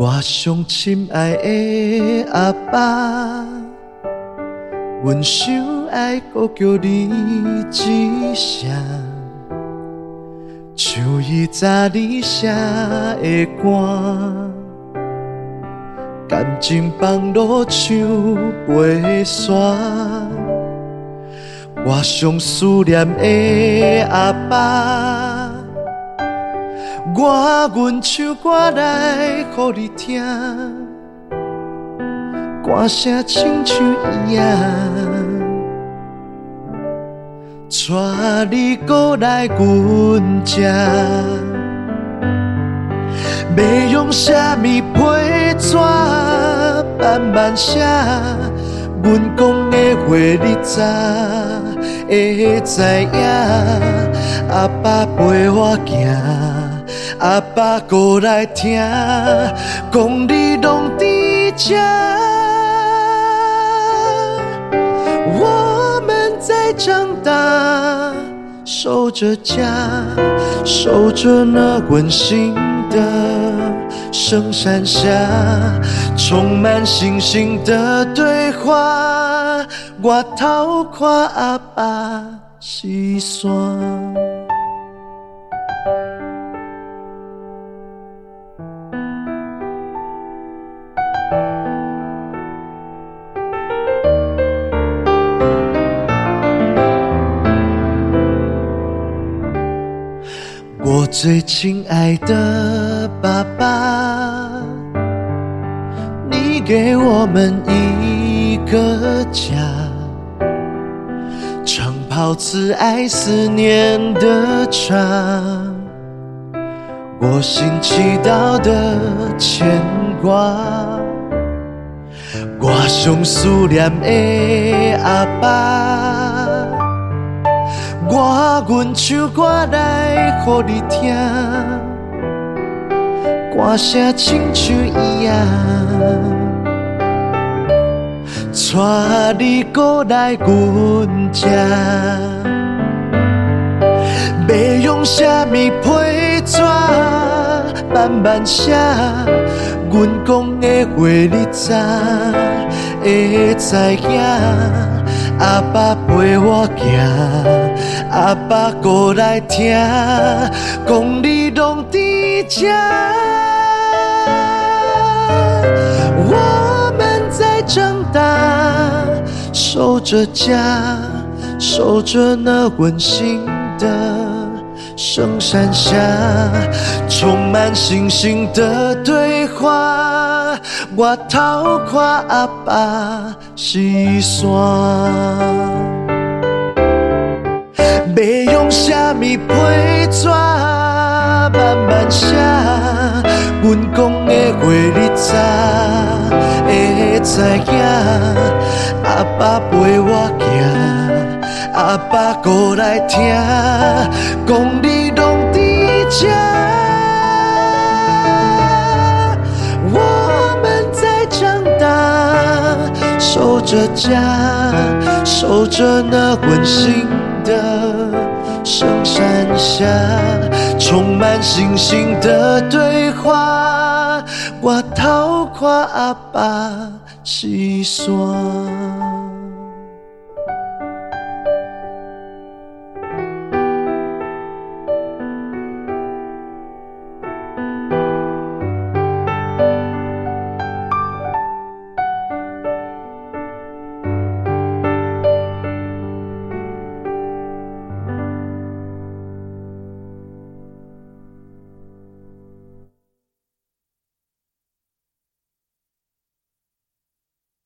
我尚親愛的阿爸十十的，阮想愛擱叫你一聲，像伊早年寫的歌，感情放落唱不煞。我尚思念的阿爸。換阮唱歌來給妳聽，歌聲親像燕仔，帶妳過來阮這。要用什麼批紙慢慢寫，阮講的話，妳才會知影。阿爸陪我行，阿爸擱來疼，講你攏地這。我們在長大，守着家，守着那溫馨的聖山下，充滿信心的對話。我偷過阿爸是山。最親愛的爸爸，你給我們一個家，常泡慈愛思念的茶，我心祈禱的牽掛，掛上思念的阿爸。我唱歌來給你聽，歌聲親像燕仔，帶你過來我家，要用什麼批紙慢慢寫？阮講的話，你才會知影。阿爸陪我行，阿爸擱來疼，講你攏地這。我們在長大，守着家，守着那溫馨的。聖山下，充滿信心的對話。我討看阿爸是山，要用什麼批紙慢慢寫？阮講的話，你知會知影？阿爸陪我行，阿爸擱來疼。工地洞底下，我們在長大，守着家，守着那溫馨的聖山下，充滿星星的對話，我逃過阿爸是山。